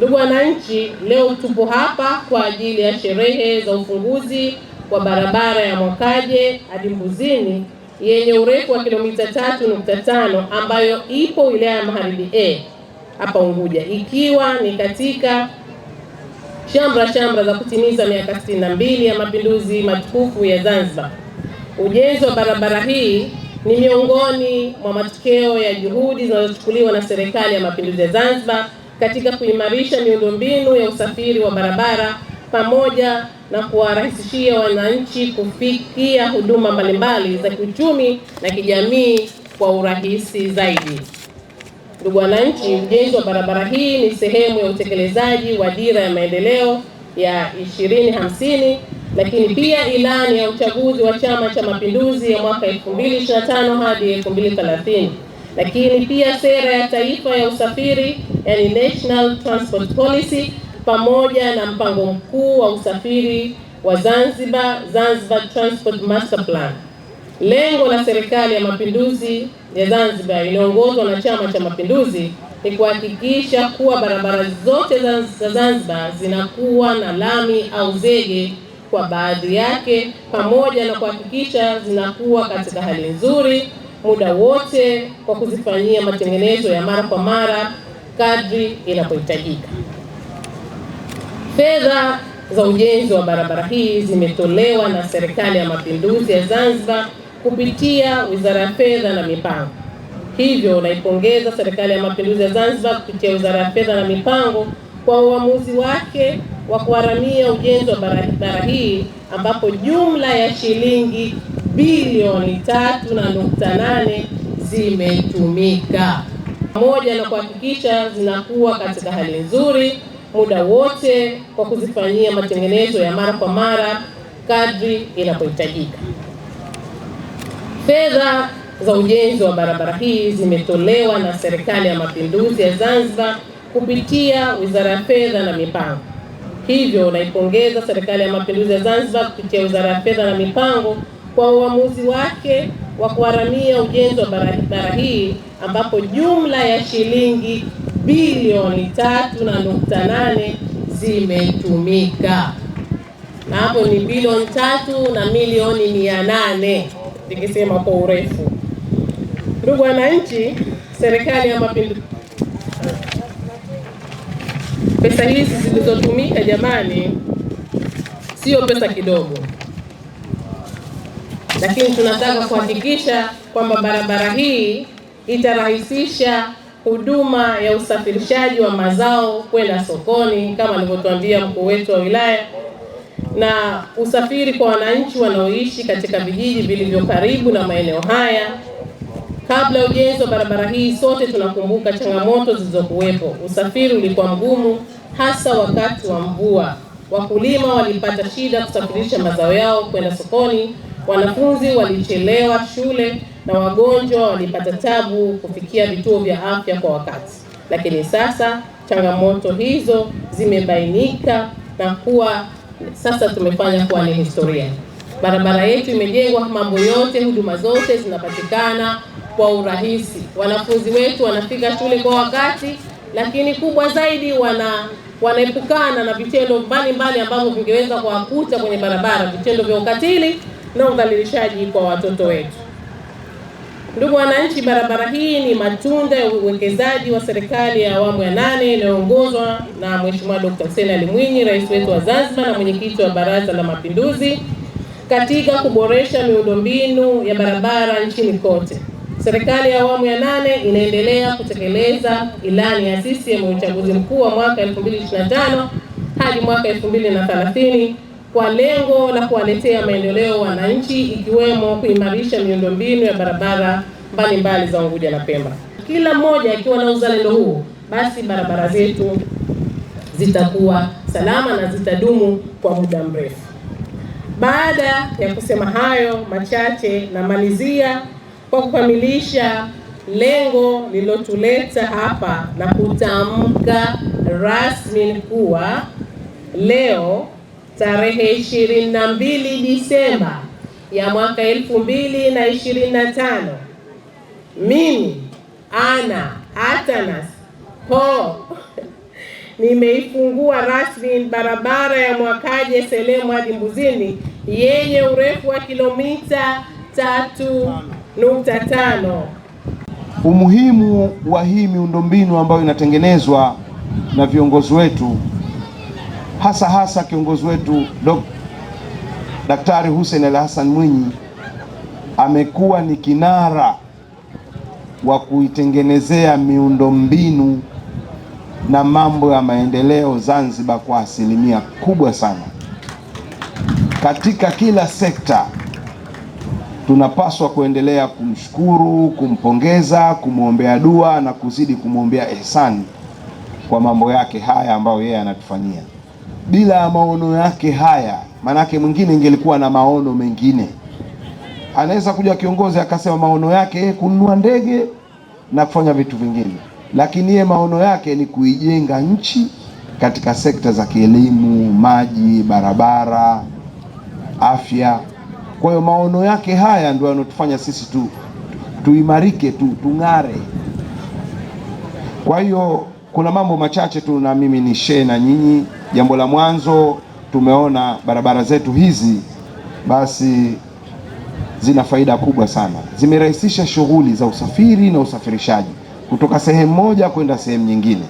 Ndugu wananchi, leo tupo hapa kwa ajili ya sherehe za ufunguzi wa barabara ya Mwakaje hadi Mbuzini yenye urefu wa kilomita 3.5 ambayo ipo wilaya ya Magharibi A hapa Unguja, ikiwa ni katika shamra shamra za kutimiza miaka 62 ya mapinduzi matukufu ya Zanzibar. Ujenzi wa barabara hii ni miongoni mwa matokeo ya juhudi zinazochukuliwa na Serikali ya Mapinduzi ya Zanzibar katika kuimarisha miundombinu ya usafiri wa barabara pamoja na kuwarahisishia wananchi kufikia huduma mbalimbali za kiuchumi na kijamii kwa urahisi zaidi. Ndugu wananchi, ujenzi wa barabara hii ni sehemu ya utekelezaji wa dira ya maendeleo ya 2050 lakini pia ilani ya uchaguzi wa Chama cha Mapinduzi ya mwaka 2025 hadi 2030, lakini pia sera ya taifa ya usafiri yani National Transport Policy pamoja na mpango mkuu wa usafiri wa Zanzibar, Zanzibar Transport Master Plan. Lengo la Serikali ya Mapinduzi ya Zanzibar inaongozwa na Chama cha Mapinduzi ni kuhakikisha kuwa barabara zote za Zanzibar zinakuwa na lami au zege kwa baadhi yake, pamoja na kuhakikisha zinakuwa katika hali nzuri muda wote kwa kuzifanyia matengenezo ya mara kwa mara kadri inapohitajika. Fedha za ujenzi wa barabara hii zimetolewa na Serikali ya Mapinduzi ya Zanzibar kupitia Wizara ya Fedha na Mipango. Hivyo naipongeza Serikali ya Mapinduzi ya Zanzibar kupitia Wizara ya Fedha na Mipango kwa uamuzi wake wa kuharamia ujenzi wa barabara hii ambapo jumla ya shilingi bilioni 3.8 zimetumika pamoja na kuhakikisha zinakuwa katika hali nzuri muda wote kwa kuzifanyia matengenezo ya mara kwa mara kadri inapohitajika. Fedha za ujenzi wa barabara hii zimetolewa na Serikali ya Mapinduzi ya Zanzibar kupitia Wizara ya Fedha na Mipango. Hivyo naipongeza Serikali ya Mapinduzi ya Zanzibar kupitia Wizara ya Fedha na Mipango kwa uamuzi wake wa kuharamia ujenzi wa barabara hii ambapo jumla ya shilingi bilioni tatu na nukta nane zimetumika na hapo ni bilioni tatu na milioni mia nane nikisema kwa urefu. Ndugu wananchi, serikali ya mapinduzi, pesa hizi zilizotumika jamani, sio pesa kidogo, lakini tunataka kuhakikisha kwamba barabara hii itarahisisha huduma ya usafirishaji wa mazao kwenda sokoni kama alivyotuambia mkuu wetu wa wilaya, na usafiri kwa wananchi wanaoishi katika vijiji vilivyo karibu na maeneo haya. Kabla ya ujenzi wa barabara hii, sote tunakumbuka changamoto zilizokuwepo. Usafiri ulikuwa mgumu, hasa wakati wa mvua. Wakulima walipata shida kusafirisha mazao yao kwenda sokoni, wanafunzi walichelewa shule na wagonjwa walipata tabu kufikia vituo vya afya kwa wakati, lakini sasa changamoto hizo zimebainika na kuwa sasa tumefanya kuwa ni historia. Barabara yetu imejengwa, mambo yote, huduma zote zinapatikana kwa urahisi. Wanafunzi wetu wanafika shule kwa wakati, lakini kubwa zaidi wana wanaepukana na vitendo mbalimbali ambavyo vingeweza kuwakuta kwenye barabara, vitendo vya ukatili na udhalilishaji kwa watoto wetu. Ndugu wananchi, barabara hii ni matunda ya uwekezaji wa serikali ya awamu ya nane inayoongozwa na Mheshimiwa Dkt. Hussein Ali Mwinyi, rais wetu wa Zanzibar na mwenyekiti wa Baraza la Mapinduzi, katika kuboresha miundombinu ya barabara nchini kote. Serikali ya awamu ya nane inaendelea kutekeleza ilani ya CCM ya uchaguzi mkuu wa mwaka 2025 hadi mwaka 2030 kwa lengo la kuwaletea maendeleo wananchi, ikiwemo kuimarisha miundombinu ya barabara mbalimbali za Unguja na Pemba. Kila mmoja akiwa na uzalendo huu, basi barabara zetu zitakuwa salama na zitadumu kwa muda mrefu. Baada ya kusema hayo machache, namalizia kwa kukamilisha lengo lililotuleta hapa na kutamka rasmi kuwa leo tarehe 22 Disemba ya mwaka 2025 mimi Ana Atanas ho nimeifungua rasmi barabara ya Mwakaje Selemu hadi Mbuzini yenye urefu wa kilomita 3.5. Umuhimu wa hii miundombinu ambayo inatengenezwa na viongozi wetu hasa hasa kiongozi wetu dok, Daktari Hussein Ali Hassan Mwinyi amekuwa ni kinara wa kuitengenezea miundombinu na mambo ya maendeleo Zanzibar kwa asilimia kubwa sana. Katika kila sekta tunapaswa kuendelea kumshukuru, kumpongeza, kumwombea dua na kuzidi kumwombea ihsani kwa mambo yake haya ambayo yeye anatufanyia bila ya maono yake haya, maanake mwingine ingelikuwa na maono mengine. Anaweza kuja kiongozi akasema maono yake kununua ndege na kufanya vitu vingine, lakini yeye maono yake ni kuijenga nchi katika sekta za kielimu, maji, barabara, afya. Kwa hiyo maono yake haya ndio yanotufanya sisi tu tuimarike tu tung'are. Kwa hiyo kuna mambo machache tu na mimi ni share na nyinyi. Jambo la mwanzo tumeona barabara zetu hizi basi zina faida kubwa sana, zimerahisisha shughuli za usafiri na usafirishaji kutoka sehemu moja kwenda sehemu nyingine.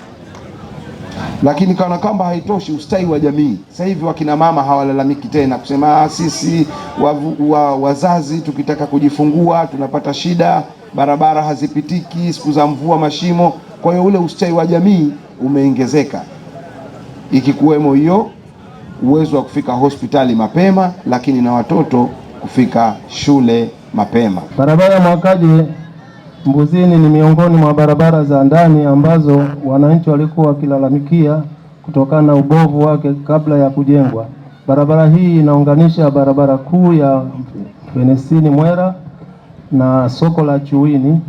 Lakini kana kwamba haitoshi, ustawi wa jamii sasa hivi, wakina mama hawalalamiki tena kusema ah, sisi wavu, wa, wazazi tukitaka kujifungua tunapata shida, barabara hazipitiki, siku za mvua mashimo. Kwa hiyo ule ustawi wa jamii umeongezeka ikikuwemo hiyo uwezo wa kufika hospitali mapema, lakini na watoto kufika shule mapema. Barabara ya Mwakaje Mbuzini ni miongoni mwa barabara za ndani ambazo wananchi walikuwa wakilalamikia kutokana na ubovu wake kabla ya kujengwa. Barabara hii inaunganisha barabara kuu ya Mfenesini Mwera na soko la Chuini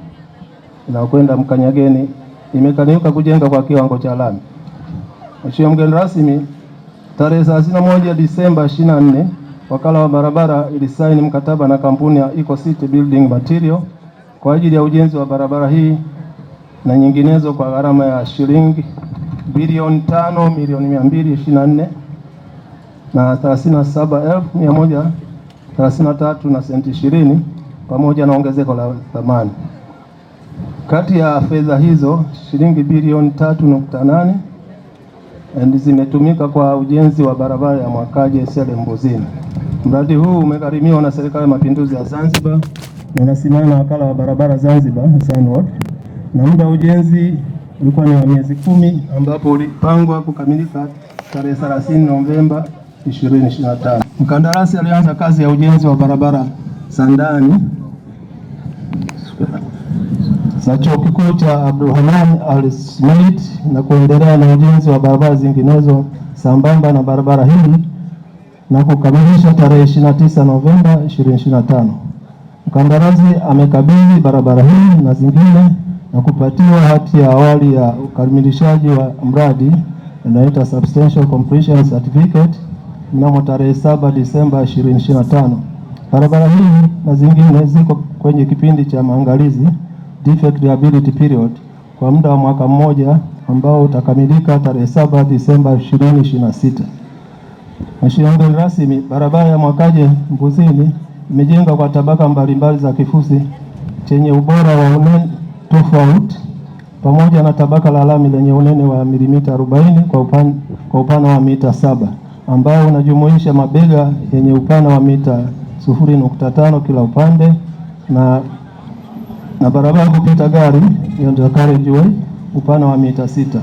na kwenda Mkanyageni, imekaniuka kujenga kwa kiwango cha lami. Mheshimiwa mgeni rasmi, tarehe 31 Disemba 24 wakala wa barabara ilisaini mkataba na kampuni ya Eco City Building Material kwa ajili ya ujenzi wa barabara hii na nyinginezo kwa gharama ya shilingi bilioni tano milioni 224 na nne na tatu na senti ishirini pamoja na ongezeko la thamani. Kati ya fedha hizo shilingi bilioni 38 zimetumika kwa ujenzi wa barabara ya Mwakaje Sele Mradi huu umegharimiwa na Serikali ya Mapinduzi ya Zanzibar na inasimamiwa na Wakala wa Barabara Zanzibar ZANROADS, na muda wa ujenzi ulikuwa ni wa miezi kumi ambapo ulipangwa kukamilika tarehe 30 Novemba 2025. Mkandarasi alianza kazi ya ujenzi wa barabara Sandani na chuo kikuu cha Abdulrahman Al Smith na kuendelea na ujenzi wa barabara zinginezo sambamba na barabara hii na kukamilisha tarehe 29 Novemba 2025. Mkandarasi amekabidhi barabara hii na zingine na kupatiwa hati ya awali ya ukamilishaji wa mradi inaitwa substantial completion certificate mnamo tarehe 7 Disemba 2025. Barabara hii na zingine ziko kwenye kipindi cha maangalizi defect liability period kwa muda wa mwaka mmoja ambao utakamilika tarehe 7 Disemba 2026. Mheshimiwa mgeni rasmi, barabara ya Mwakaje Mbuzini imejengwa kwa tabaka mbalimbali za kifusi chenye ubora wa unene tofauti pamoja na tabaka la lami lenye unene wa milimita 40 kwa upana, kwa upana wa mita saba ambao unajumuisha mabega yenye upana wa mita 0.5 kila upande na na barabara kupita gari hiyo ndio carriageway upana wa mita sita.